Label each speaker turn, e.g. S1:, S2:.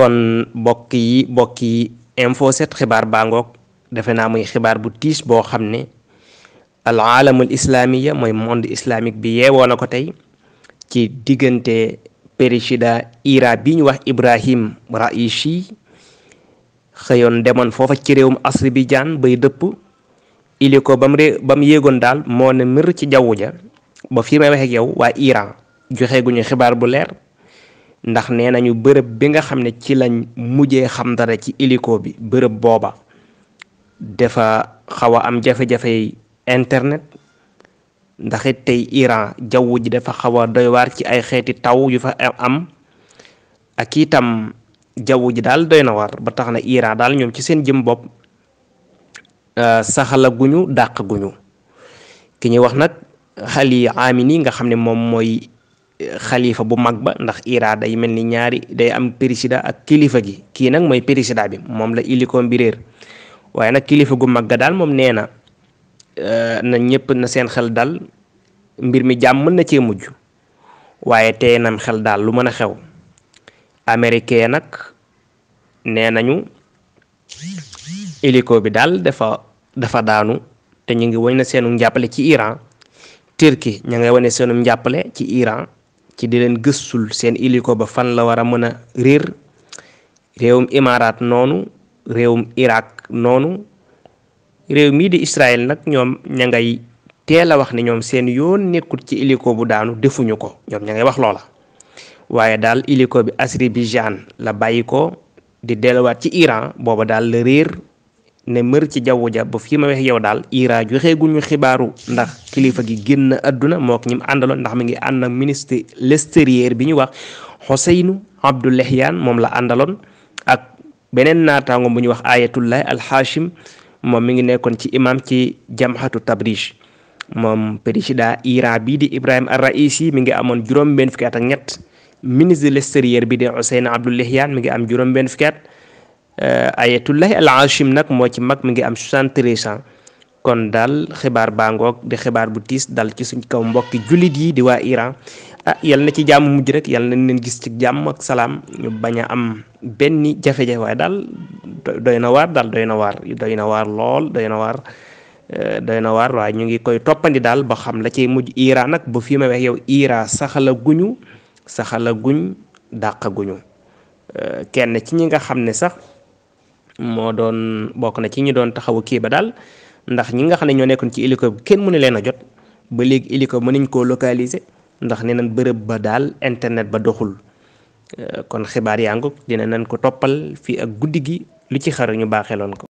S1: kon mbokk yi mbokk yi info 7 xibaar baa ngoog defe naa muy xibaar bu tiis boo xam ne al aalamul mooy monde islamique bi yeewoo na ko tey ci diggante président iraa bi ñu wax Ibrahim Raïchi xëyoon demoon foofa ci réewum Azerbaïdjan bay dëpp ili ko bam mu ré ba yéegoon daal moo ne mër ci jaww ja ba fii may waxee ak waa Iran joxe xibaar bu leer ndax nee nañu bërëb bi nga xam ne ci lañ mujjee xam dara ci hélico bi bërëb booba dafa xaw a am jafe-jafe internet ndax it tey Iran jaww ji dafa xaw a doy waar ci ay xeeti taw yu fa am ak itam jaww ji daal doy na ba tax na Iran daal ñoom ci seen jëm bopp euh, saxala guñu dàq guñu ki ñuy wax nag xali aamini nga xam ne moom mooy xalifa bu mag ba ndax ira day mel ni ñaari day am président ak kilifa gi kii nag mooy président bi moom la ilikoom bi waaye nag kilifa gu mag ga daal moom nee na euh, na seen xel dal mi jàmm na cee mujj waaye xel daal lu mën a xew américain nag nee nañu hélico bi daal dafa daanu te ñu wañ na seenu njàppale ci Iran Turquie ñu wane seenu njàppale ci Iran ci di leen gëstul seen iliko ba fan la war a mën a réer réewum imaraat noonu réewum Irak noonu réew mii di Israël nag ñoom ña ngay teel a wax ne ñoom seen yoon nekkul ci iliko bu daanu defuñu ko ñoom ña ngay wax loola waaye daal iliko bi Azerbaïdjan la bàyyi ko di delluwaat ci Iran booba daal la réer ne mër ci jaww ja ba fii ma wax yow daal IRA joxeeguñu xibaaru ndax kilifa gi génn àdduna moo ak ñi mu àndaloon ndax mi ngi ànd ak ministre l'extérieur bi ñu wax Xoseynu Abdu Lehyan moom la àndaloon ak beneen naataangoom bu ñuy wax Ayatullahi Alxaashim moom mi ngi nekkoon ci imam ci jamhatu Tabriz moom président IRA bii di Ibrahima Ar-Raisi mi ngi amoon juróom-benn fukki at ak ñett ministre de l'extérieur bi di mi ngi am juróom-benn fukki Eh, ayatullahi al ashim nag moo ci mag mi ngi am 73 ans kon daal xibaar baa ngoog di xibaar bu tiis dal ci suñ kaw mbokki jullit yii di waa Iran ah yal na ci jàmm mujj rek yal nañ leen gis ci jàmm ak salaam ñu bañ a am benn jafe-jafe waaye daal doy na waar daal doy na waar doy na waar lool doy na waar eh, doy na waar waaye ñu ngi koy toppandi daal ba xam la ci mujj Iran nag bo fi ma wax yow Iran saxala guñu saxala guñ dàqa guñu eh, kenn ci ñi nga xam ne sax moo doon bokk na ci ñi doon taxawu kii ba daal ndax ñi nga xam ne ñoo nekkoon ci hélico bi kenn mënu leen a jot ba léegi hélico mënuñ koo localiser ndax nee nan bërëb ba daal internet ba doxul euh, kon xibaar yaa ngi dina nañ ko toppal fii ak guddi gi lu ci xaru ñu baaxeloon ko.